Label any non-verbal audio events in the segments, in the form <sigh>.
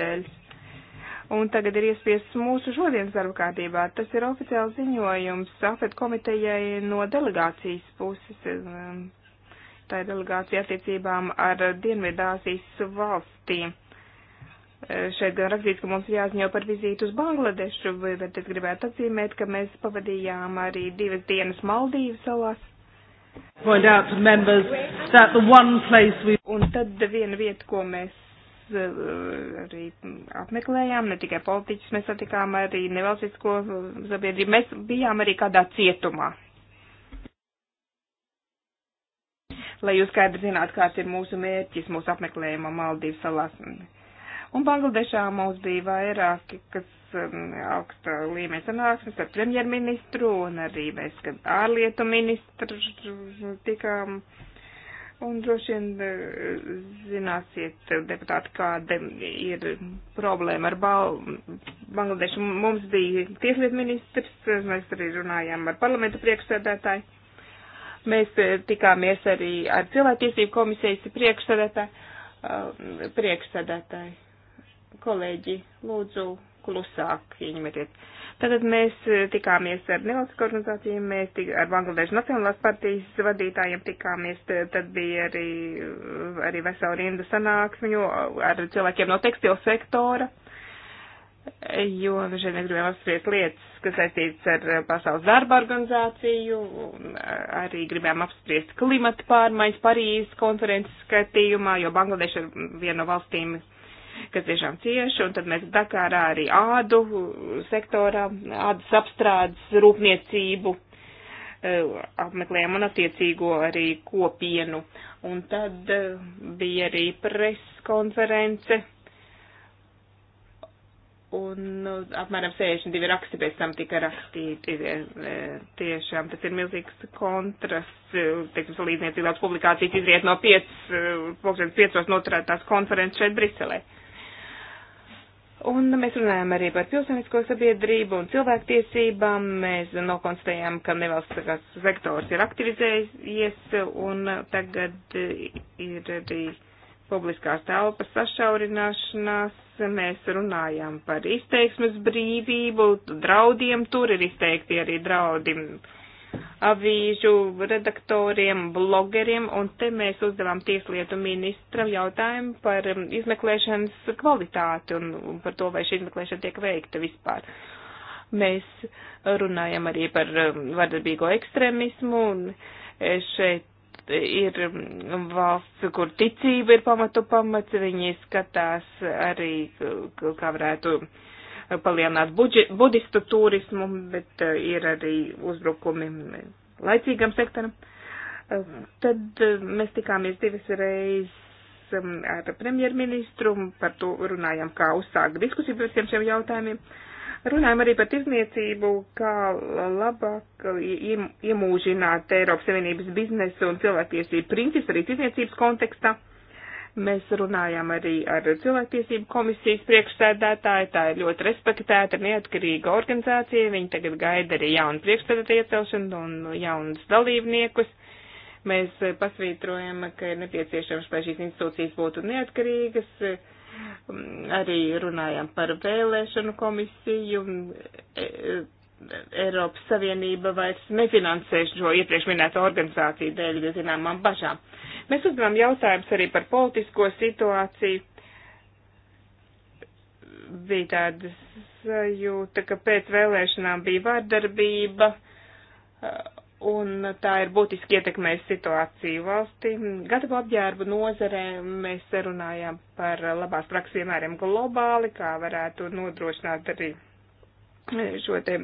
dēļ. Un tagad ir iespiests mūsu šodienas darba kārtībā. Tas ir oficiāls ziņojums AFET komitejai no delegācijas puses. Um, Tā ir delegācija attiecībām ar Dienvidāzijas valstīm. Uh, šeit gan rakstīts, ka mums ir jāziņo par vizītu uz Bangladešu, bet es gribētu atzīmēt, ka mēs pavadījām arī divas dienas Maldīvu salās. We... Un tad viena vieta, ko mēs Eh, arī apmeklējām, ne tikai politiķus mēs satikām, arī nevalstisko sabiedrību. Mēs bijām arī kādā cietumā. Lai jūs skaidri zinātu, kāds ir mūsu mērķis, mūsu apmeklējuma Maldīvas salās. Un Bangladešā mums bija vairāki, kas um, augsta līmeņa sanāksmes ar premjerministru un arī mēs, kad ārlietu ministru tikām. Um, Un droši vien e, zināsiet, deputāti, kāda ir problēma ar Bangladešu. Mums bija tieslietu ministrs, mēs arī runājām ar parlamentu priekšsēdētāju. Mēs e, tikāmies arī ar cilvēktiesību komisijas priekšsēdētāju. E, priekšsēdētāju. Kolēģi, lūdzu, klusāk ieņemiet. Ja Tagad mēs eh, tikāmies ar nevalstiskā organizācijām, mēs tik, ar Bangladešu Nacionālās partijas vadītājiem tikāmies, tad bija arī, eh, arī vesela rinda sanāksmiņu eh, ar cilvēkiem no tekstila sektora, jo nu, šeit mēs gribējām apspriest lietas, kas saistītas ar Pasaules darba organizāciju, arī gribējām apspriest klimata pārmaiņas Parīzes konferences skatījumā, jo Bangladeša ir viena no valstīm, kas tiešām cieši, un tad mēs Dakārā arī ādu sektorā, ādas apstrādes rūpniecību e, apmeklējām un attiecīgo arī kopienu. Un tad e, bija arī preskonference un nu, apmēram 62 raksti pēc tam tika rakstīti. E, tiešām tas ir milzīgs kontrasts, teiksim, salīdziniet, cik daudz publikācijas izriet no 5, 5 noturētās konferences šeit Briselē. Uh, Un mēs runājam arī par pilsonisko sabiedrību un cilvēktiesībām. Mēs nokonstatējām, ka nevalstiskās sektors ir aktivizējies un tagad ir arī publiskās telpas sašaurināšanās. Mēs runājam par izteiksmes brīvību, draudiem. Tur ir izteikti arī draudi avīžu redaktoriem, blogeriem, un te mēs uzdevām tieslietu ministram jautājumu par um, izmeklēšanas kvalitāti un par to, vai šī izmeklēšana tiek veikta vispār. Mēs runājam arī par um, vardarbīgo ekstremismu, un e, šeit ir um, valsts, kur ticība ir pamatu pamats, viņi skatās arī, kā varētu uh, palielināt budži, budistu turismu, bet eh, ir arī uzbrukumi laicīgam sektoram. Eh, tad eh, mēs tikāmies divas reizes mm, ar premjerministru, par to runājām, kā uzsākt diskusiju par visiem šiem jautājumiem. Runājam arī par tirzniecību, kā labāk iemūžināt Eiropas Savienības biznesu un cilvēktiesību principus arī tirzniecības kontekstā. Mēs runājām arī ar cilvēktiesību komisijas priekšsēdētāju, tā ir ļoti respektēta, neatkarīga organizācija, viņi tagad gaida arī jaunu priekšsēdētāju iecelšanu un jaunus dalībniekus. Mēs eh, pasvītrojam, ka ir nepieciešams, lai šīs institūcijas būtu neatkarīgas, mm, arī runājām par vēlēšanu komisiju, mm, e, e, Eiropas Savienība vairs nefinansē šo iepriekš minēto organizāciju dēļ zināmām bažām. Mēs uzdevām jautājumus arī par politisko situāciju. Bija tāda sajūta, ka pēc vēlēšanām bija vārdarbība, un tā ir būtiski ietekmējusi situāciju valstī. Gatavo apģērbu nozarē mēs runājām par labās prakses piemēriem globāli, kā varētu nodrošināt arī šo te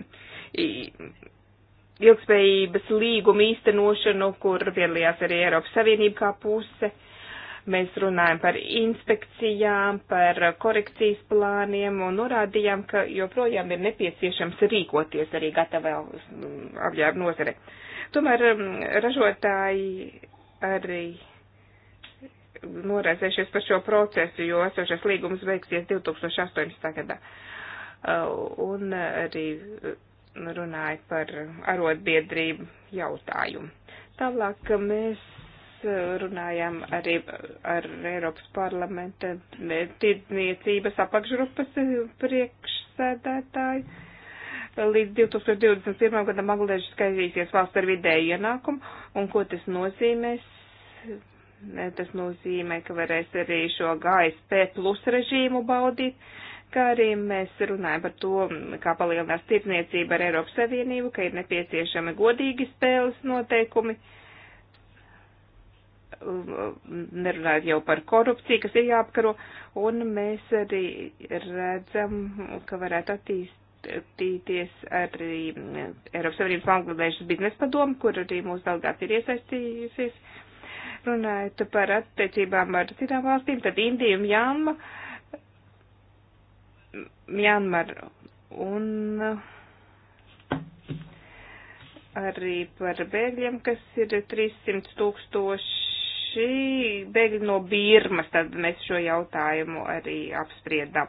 ilgspējības līgumu īstenošanu, kur piedalījās arī Eiropas Savienība kā puse. Mēs runājam par inspekcijām, par korekcijas plāniem un norādījām, ka joprojām ir nepieciešams rīkoties arī gatavēl mm, apģērbu nozare. Tomēr mm, ražotāji arī noraizējušies par šo procesu, jo esošais līgums beigsies 2018. gadā. Un arī runājat par arotbiedrību jautājumu. Tālāk mēs eh, runājām arī ar Eiropas parlamenta tirdzniecības apakšgrupas eh, priekšsēdētāju. Līdz 2021. gadam Bangladeša skaitīsies valsts ar vidēju ienākumu, un ko tas nozīmēs? Eh, tas nozīmē, ka varēs arī šo GSP plus režīmu baudīt ka arī mēs runājam par to, kā palielinās tirdzniecība ar Eiropas Savienību, ka ir nepieciešami godīgi spēles noteikumi, nerunājot jau par korupciju, kas ir jāapkaro, un mēs arī redzam, ka varētu attīstīties arī Eiropas Savienības Bangladešas biznesa padomu, kur arī mūsu delegāti ir iesaistījusies. Runājot par attiecībām ar citām valstīm, tad Indija un Jāma. Uh, Mjanmar un uh, arī par bēgļiem, kas ir 300 tūkstoši bēgļi no Birmas, tad mēs šo jautājumu arī apspriedām.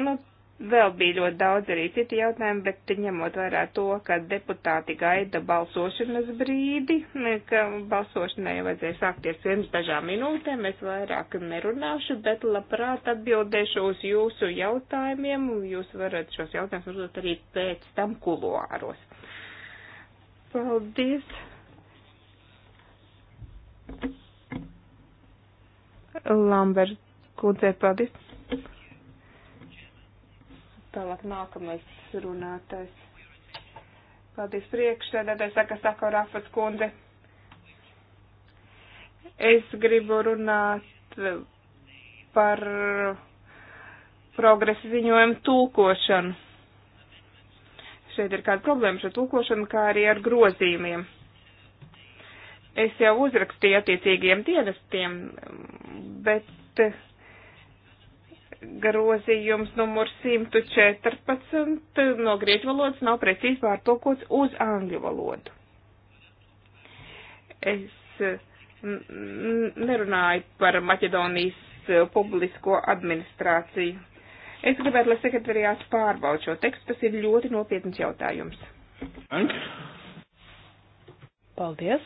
Nu, Vēl bija ļoti daudz arī citi jautājumi, bet ņemot vērā to, ka deputāti gaida balsošanas brīdi, ka balsošanai vajadzēja sākties pirms dažām minūtēm, es vairāk nerunāšu, bet labprāt atbildēšu uz jūsu jautājumiem, un jūs varat šos jautājumus uzdot arī pēc tam kuloāros. Paldies! Lambert, kundze, paldies! Tālāk nākamais runātais. Paldies priekšsēdētājs, saka Sako Rafas kundze. Es gribu runāt par progresa ziņojumu tulkošanu. Šeit ir kāda problēma ar tulkošanu, kā arī ar grozījumiem. Es jau uzrakstīju attiecīgiem dienestiem, bet grozījums numur 114 no grieķu valodas nav precīzi pārtulkots uz angļu valodu. Es nerunāju par Maķedonijas eh, publisko administrāciju. Es gribētu, lai sekretariāts pārbaud šo tekstu, tas ir ļoti nopietns jautājums. Dank. Paldies.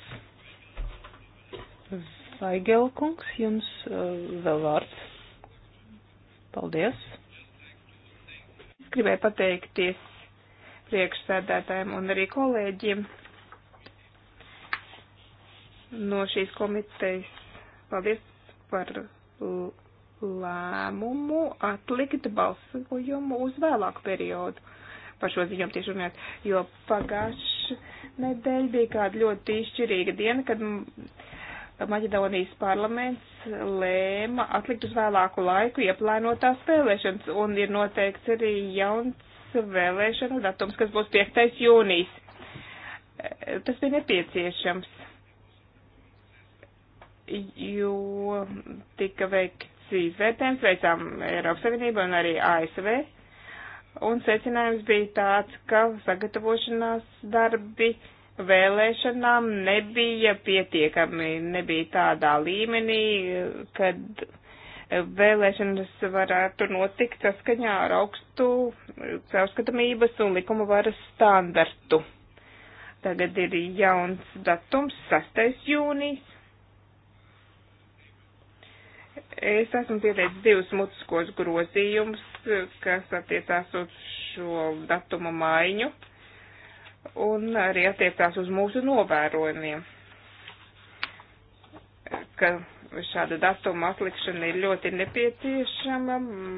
Vaigelkungs, jums uh, vēl vārds. Paldies! Es gribēju pateikties priekšsēdētājiem un arī kolēģiem no šīs komitejas. Paldies par lēmumu atlikt balsojumu uz vēlāku periodu par šo ziņām tieši runāt, jo pagājuši nedēļa bija kāda ļoti izšķirīga diena, kad Maķedonijas parlaments lēma atlikt uz vēlāku laiku ieplānotās vēlēšanas, un ir noteikts arī jauns vēlēšanu datums, kas būs 5. jūnijas. Tas bija nepieciešams, jo tika veikts izvērtējums, veicām Eiropas Savienību un arī ASV, un secinājums bija tāds, ka sagatavošanās darbi vēlēšanām nebija pietiekami, nebija tādā līmenī, kad vēlēšanas varētu notikt saskaņā ar augstu caurskatāmības un likuma varas standartu. Tagad ir jauns datums, 6. jūnijas. Es esmu pieteicis divus mutiskos grozījumus, kas attiecās uz šo datumu maiņu. Uh, un arī attiecās uz mūsu novērojumiem, ka šāda datuma atlikšana ir ļoti nepieciešama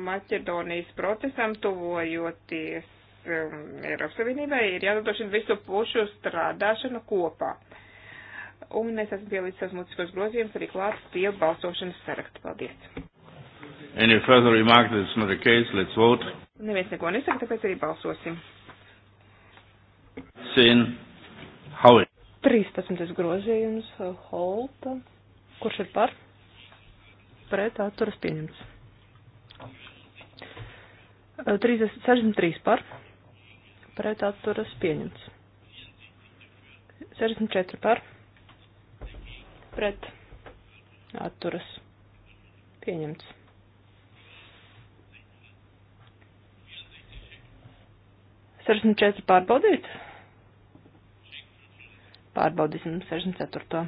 Maķedonijas procesam tuvojoties um, Eiropas Savienībai, ir jānodrošina visu pušu strādāšanu kopā. Un es esmu pielīdz savus mūtiskos grozījumus arī klāt pie balsošanas sarakstu. Paldies! Any further remarks? That's not the case. Let's vote. Neviens neko nesaka, tāpēc arī balsosim. 13. Hauit. 13. grozījums eh, Holta. Kurš ir par? Pret atturas pieņemts. 30, eh, 63 par. Pret atturas pieņemts. 64 par. Pret atturas pieņemts. 64 pārbaudīt. Pārbaudīsim 64.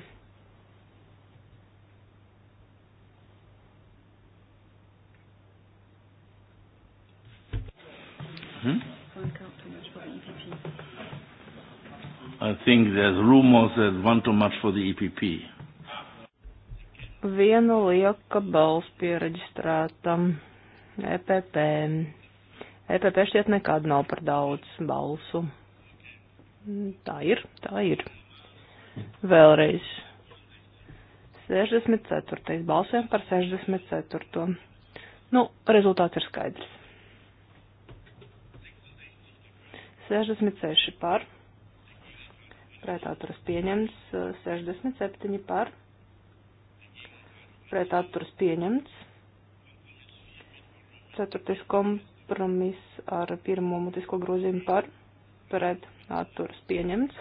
Hmm? I think there's rumors that one too much for the EPP. Viena lieka balss pieregistrētam EPP. EPP šķiet nekad nav par daudz balsu. Tā ir, tā ir. Vēlreiz. 64. Balsojam par 64. Nu, rezultāts ir skaidrs. 66 par, pretāturas pieņemts, 67 par, pretāturas pieņemts, 4. kompromiss ar pirmo mutisko grozījumu par, pretāturas pieņemts.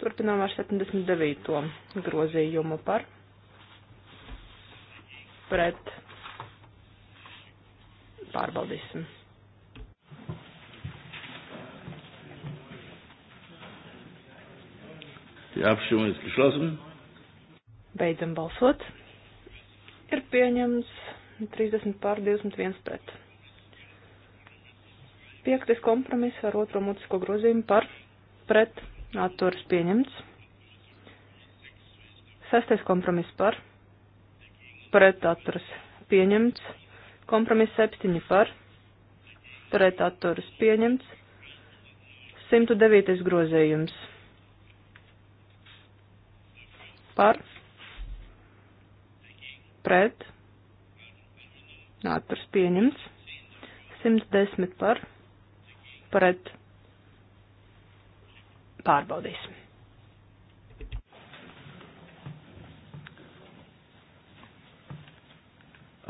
Turpinām ar 79. grozījumu par pret pārbaudīsim. Die Abstimmung ist geschlossen. Beidzam balsot. Ir pieņemts 30 pār 21 pret. Piektais kompromiss ar otro mutisko grozījumu par pret atturas pieņemts. Sestais kompromiss par, pret atturas pieņemts. Kompromiss septiņi par, pret atturas pieņemts. 109. grozējums par, pret, atturas pieņemts. 110 par, pret, pārbaudīsim.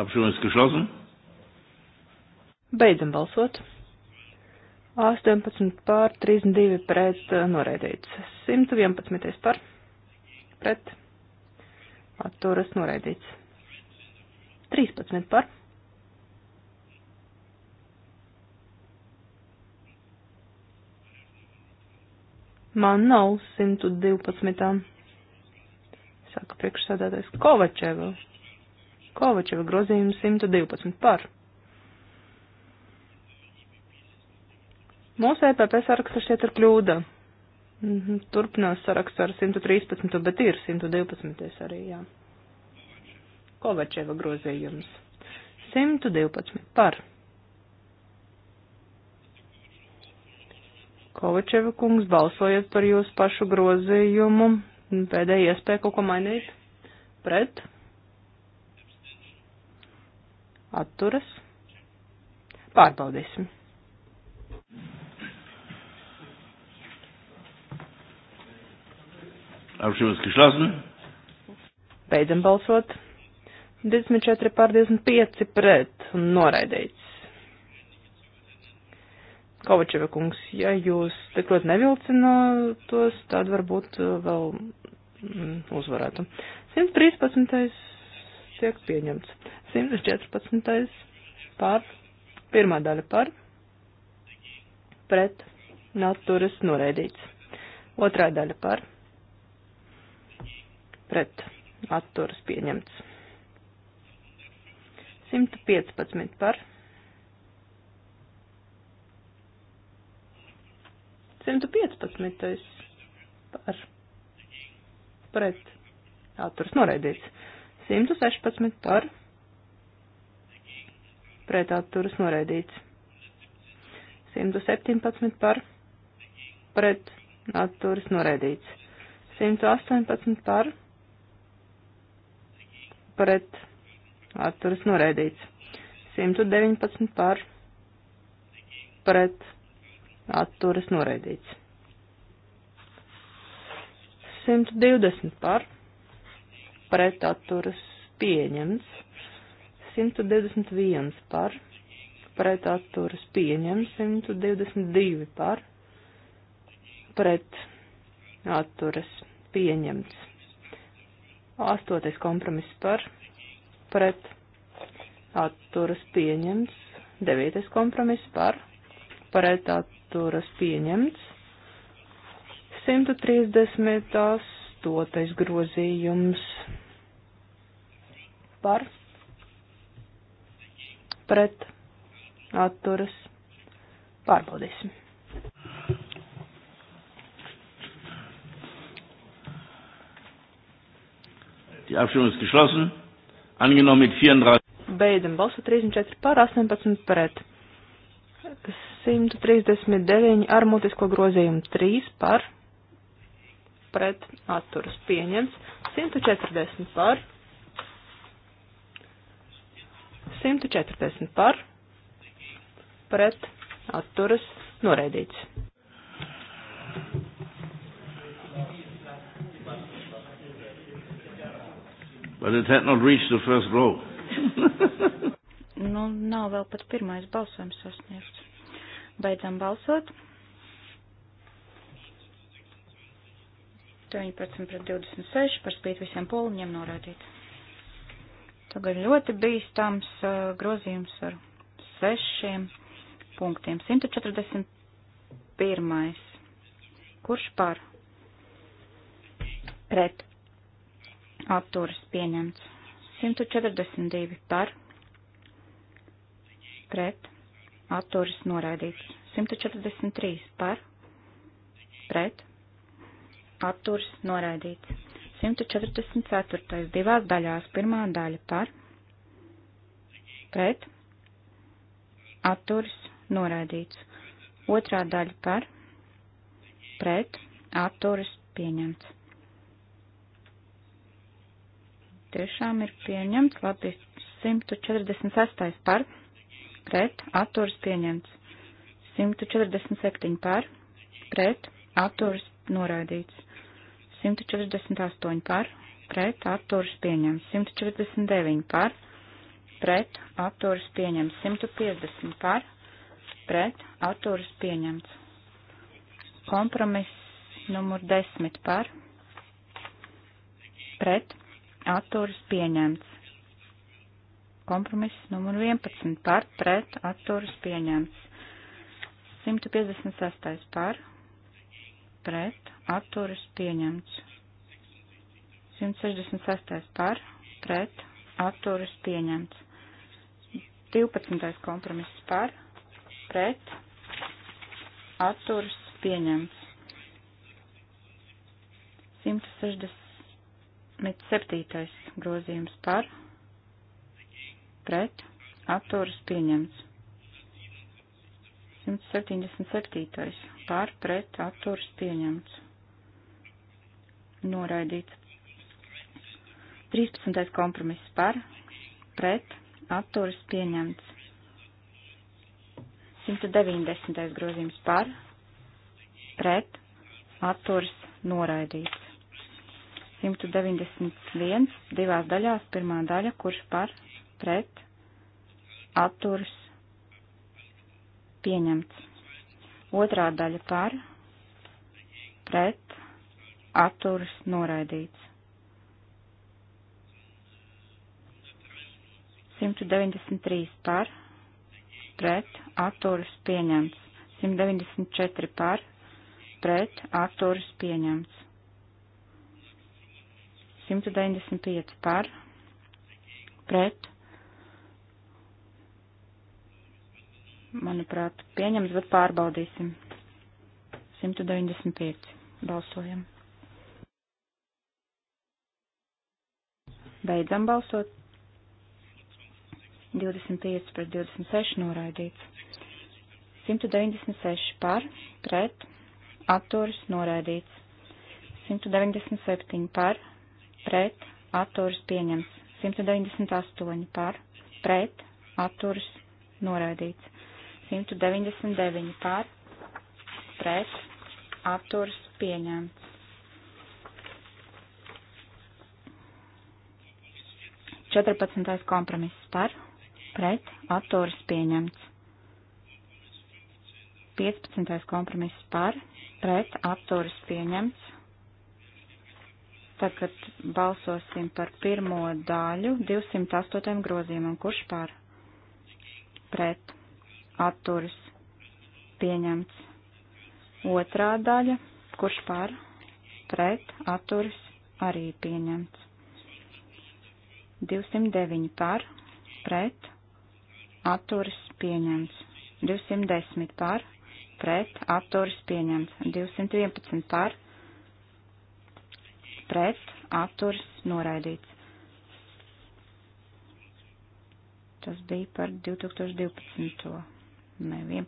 Apšūnas geschlossen. Beidzam balsot. 18 pār 32 pret eh, noraidīts. 111 par pret atturas noraidīts. 13 par Man nav 112. Saka priekšsēdētais Kovačeva. Kovačeva grozījums 112 par. Mūsu EPP saraksta šķiet ir kļūda. Mhm, turpinās saraksts ar 113, bet ir 112 arī, jā. Kovačeva grozījums. 112 par. Kovačeva kungs, balsojiet par jūsu pašu grozījumu. Pēdējā iespēja kaut ko mainīt. Pret. Atturas. Pārbaudīsim. Apšķirības geschlossen. Beidzam balsot. 24 pār 25 pret un noraidīts. Kovačeva kungs, ja jūs tik ļoti nevilcinātos, tad varbūt uh, vēl mm, uzvarētu. 113. tiek pieņemts. 114. par. Pirmā daļa par. Pret. Naturas noraidīts. Otrā daļa par. Pret. Atturas pieņemts. 115 par 115. par pret atturs noraidīts. 116 par pret atturs noraidīts. 117 par pret atturis noraidīts. 118 par pret atturis noraidīts. 119 par pret atturas noraidīts. 120 par, pret atturas pieņemts. 121 par, pret atturas pieņemts. 122 par, pret atturas pieņemts. Astotais kompromiss par, pret atturas pieņemts. Devītais kompromiss par, pret atturas atturas pieņemts. 138. grozījums par pret atturas pārbaudīsim. Die Abstimmung ist geschlossen. Angenommen mit 34. Beidam balsu 34 par 18 pret. 139 ar mutisko grozījumu 3 par pret atturas pieņems, 140 par, 140 par, pret atturas noraidīts. But it had not reached the first blow. <laughs> nu, nav vēl pat pirmais balsojums sasniegts. Beidzam balsot. 19 pret 26 par spīti visiem poliņiem norādīt. Tagad ļoti bīstams uh, grozījums ar sešiem punktiem. 141. Kurš par? Pret. Atturas pieņemts. 142 par. Pret atturas noraidīts. 143 par, pret, atturas noraidīts. 144. divās daļās pirmā daļa par, pret, atturas noraidīts. Otrā daļa par, pret, atturas pieņemts. Tiešām ir pieņemts, labi, 146. par, pret pret, atturas pieņemts. 147 par, pret, atturas noraidīts. 148 par, pret, atturas pieņemts. 149 par, pret, atturas pieņemts. 150 par, pret, atturas pieņemts. Kompromiss numur 10 par, pret, atturas pieņemts kompromiss numur 11 par pret atturas pieņemts. 156. par pret atturas pieņemts. 166. par pret atturas pieņemts. 12. kompromiss par pret atturas pieņemts. 167. grozījums par pret, atturas pieņemts. 177. par pret atturas pieņemts. Noraidīts. 13. kompromiss par pret atturas pieņemts. 190. grozījums par pret atturas noraidīts. 191. divās daļās pirmā daļa, kurš par pret, atturs, pieņemts. Otrā daļa par, pret, atturs, noraidīts. 193 par, pret, atturs, pieņemts. 194 par, pret, atturs, pieņemts. 195 par, pret, manuprāt, pieņems, bet pārbaudīsim. 195. Balsojam. Beidzam balsot. 25 pret 26 noraidīts. 196 par, pret, atturis noraidīts. 197 par, pret, atturis pieņems. 198 par, pret, atturis noraidīts. 199 pār pret atturs pieņemts. Četrpadsmitais kompromiss par pret atturs pieņemts. Piecpadsmitais kompromiss par pret atturs pieņemts. Tagad balsosim par pirmo daļu 208 grozījumam. Kurš par? Pret atturas pieņemts. Otrā daļa, kurš par, pret, atturas arī pieņemts. 209 par, pret, atturas pieņemts. 210 par, pret, atturas pieņemts. 211 par, pret, atturas noraidīts. Tas bija par 2012 ne 11.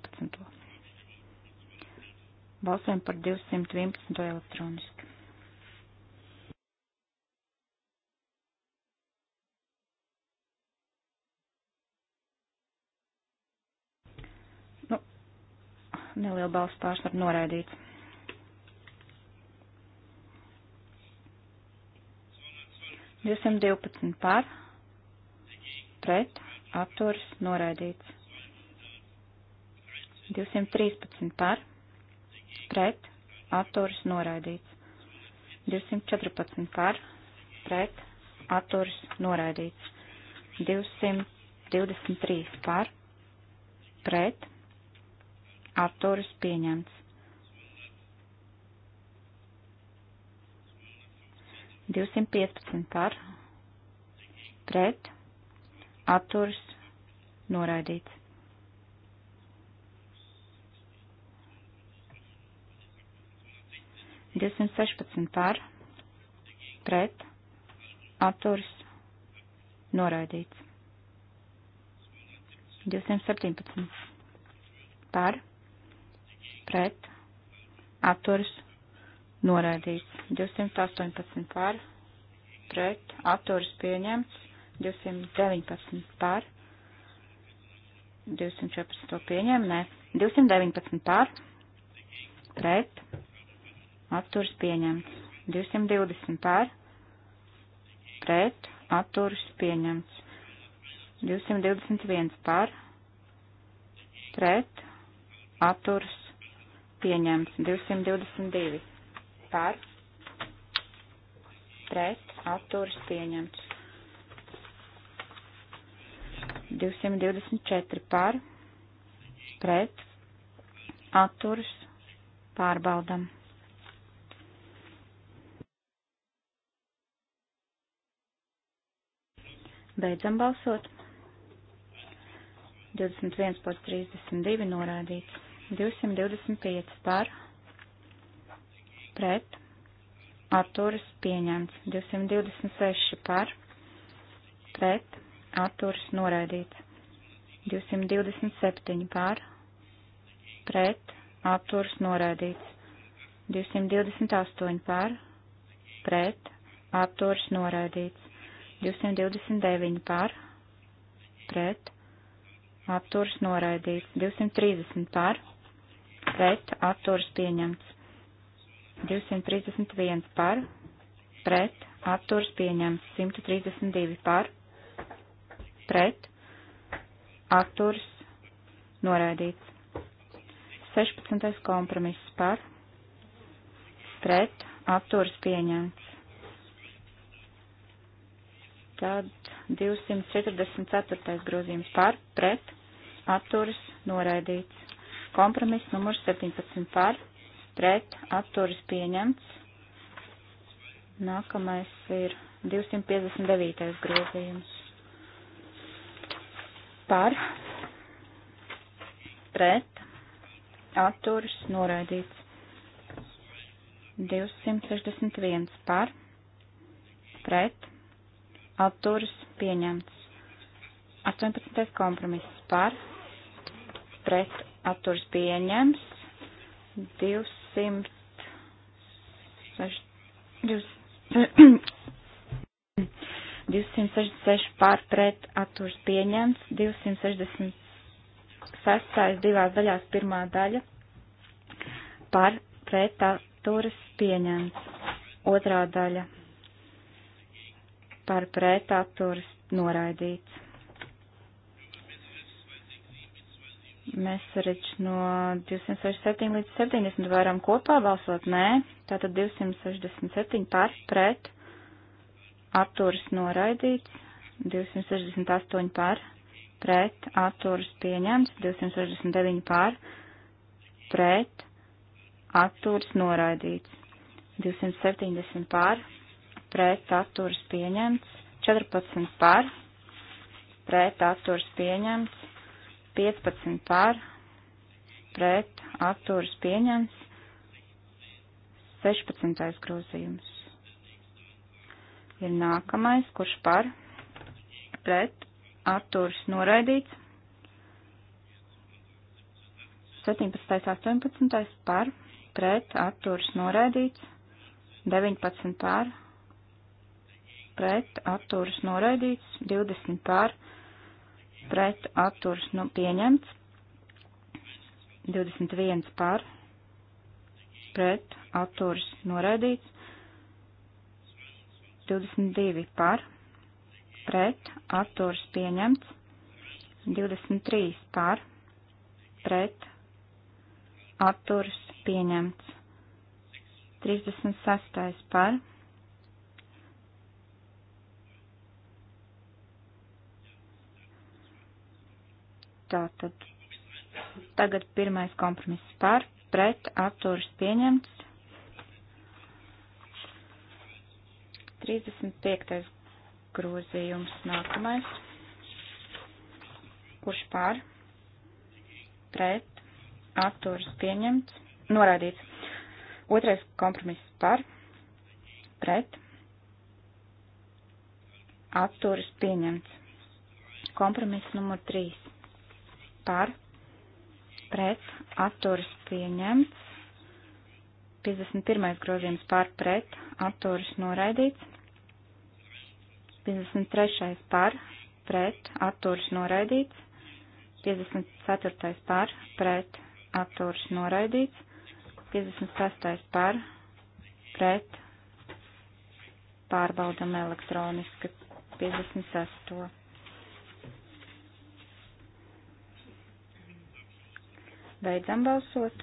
Balsojam par 211. elektroniski. Nu, neliela balss pārsvaru noraidīts. 212 par, pret, apturs, noraidīts. 213 par, pret, atturas noraidīts. 214 par, pret, atturas noraidīts. 223 par, pret, atturas pieņemts. 215 par, pret, atturas noraidīts. 216 par, pret, atturs, noraidīts. 217 par, pret, atturs, noraidīts. 218 par, pret, atturs, pieņemts. 219 par, 214 to pieņem, nē, 219 par, pret, atturs pieņemts. 220 pār, pret, atturs pieņemts. 221 pār, pret, atturs pieņemts. 222 pār, pret, atturs pieņemts. 224 pār, pret, atturs pārbaudam. Beidzam balsot. 21 par 32 norādīts. 225 par pret atturas pieņemts. 226 par pret atturas noraidīts. 227 par pret atturas noraidīts. 228 par pret atturas noraidīts. 229 par, pret, apturs noraidīts, 230 par, pret, apturs pieņemts, 231 par, pret, apturs pieņemts, 132 par, pret, apturs noraidīts, 16. kompromiss par, pret, apturs pieņemts, Tad 244. grozījums par, pret, atturas, noraidīts. Kompromiss numurs 17 par, pret, atturas pieņemts. Nākamais ir 259. grozījums. Par, pret, atturas, noraidīts. 261 par, pret, atturas pieņemts. 18. kompromiss par, pret atturas pieņems, 200, 266 par, pret atturas pieņems, 266 divās daļās pirmā daļa par, pret atturas pieņems, otrā daļa par pretapturas noraidīts. Mēs arī no 267 līdz 70 varam kopā balsot, nē, tātad 267 par pret apturas noraidīts, 268 par pret apturas pieņemts, 269 par pret apturas noraidīts, 270 par pret pret atturas pieņemts, 14 par, pret atturas pieņemts, 15 par, pret atturas pieņemts, 16. grozījums. Ir nākamais, kurš par, pret atturas noraidīts, 17. 18. par, pret atturas noraidīts, 19 par, pret atturas noraidīts, 20 pār pret atturas nu, pieņemts, 21 pār pret atturas noraidīts, 22 pār pret atturas pieņemts, 23 pār pret atturas pieņemts, 36 pār pret Tātad tagad pirmais kompromiss par, pret, atturas pieņemts. 35. grozījums nākamais. Kurš pār? Pret. Atturs pieņemts. Norādīts. Otrais kompromiss par. Pret. Atturs pieņemts. Kompromiss numur 3 par pret atturas pieņemts. 51. grozījums par pret atturas noraidīts. 53. par pret atturas noraidīts. 54. par pret atturas noraidīts. 56. par pret pārbaudam elektroniski 56. Beidzam balsot.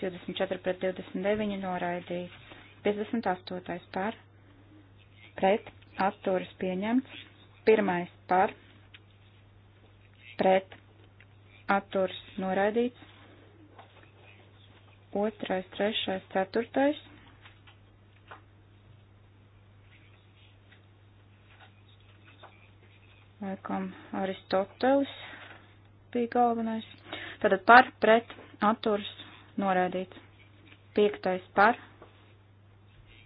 Divdesmit četri pret divdesmit deviņi noraidīts. Piecdesmit astotais par. Pret. Atturas pieņemts. Pirmais par. Pret. Atturas noraidīts. Otrais, trešais, ceturtais Sākam Aristotelis bija galvenais. Tātad par, pret, atturs, norēdīts. Piektais par,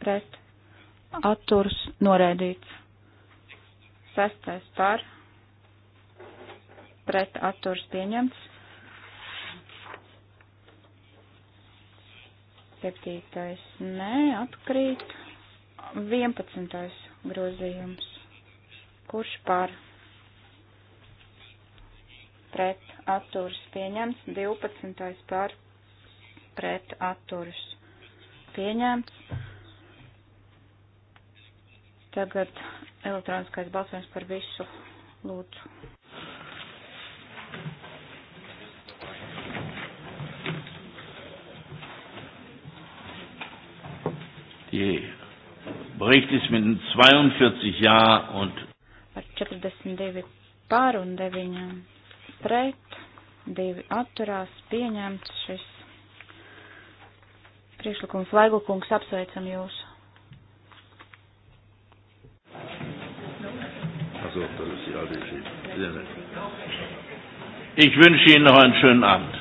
pret, atturs, norēdīts. Sestais par, pret, atturs, pieņemts. Septītais nē, atkrīt. Vienpadsmitais grozījums. Kurš par? pret atturas pieņemts, 12. par pret atturas pieņemts. Tagad elektroniskais balsojums par visu lūdzu. Die Bericht ist mit 42 Ja und. Ar 42 pār un 9 pret, divi atturās, pieņemts šis priekšlikums. Laigukungs, apsveicam jūs. Ich wünsche Ihnen noch einen schönen Abend.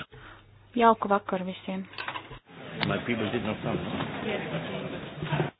Jauku vakaru visiem. My people did not come. Yes.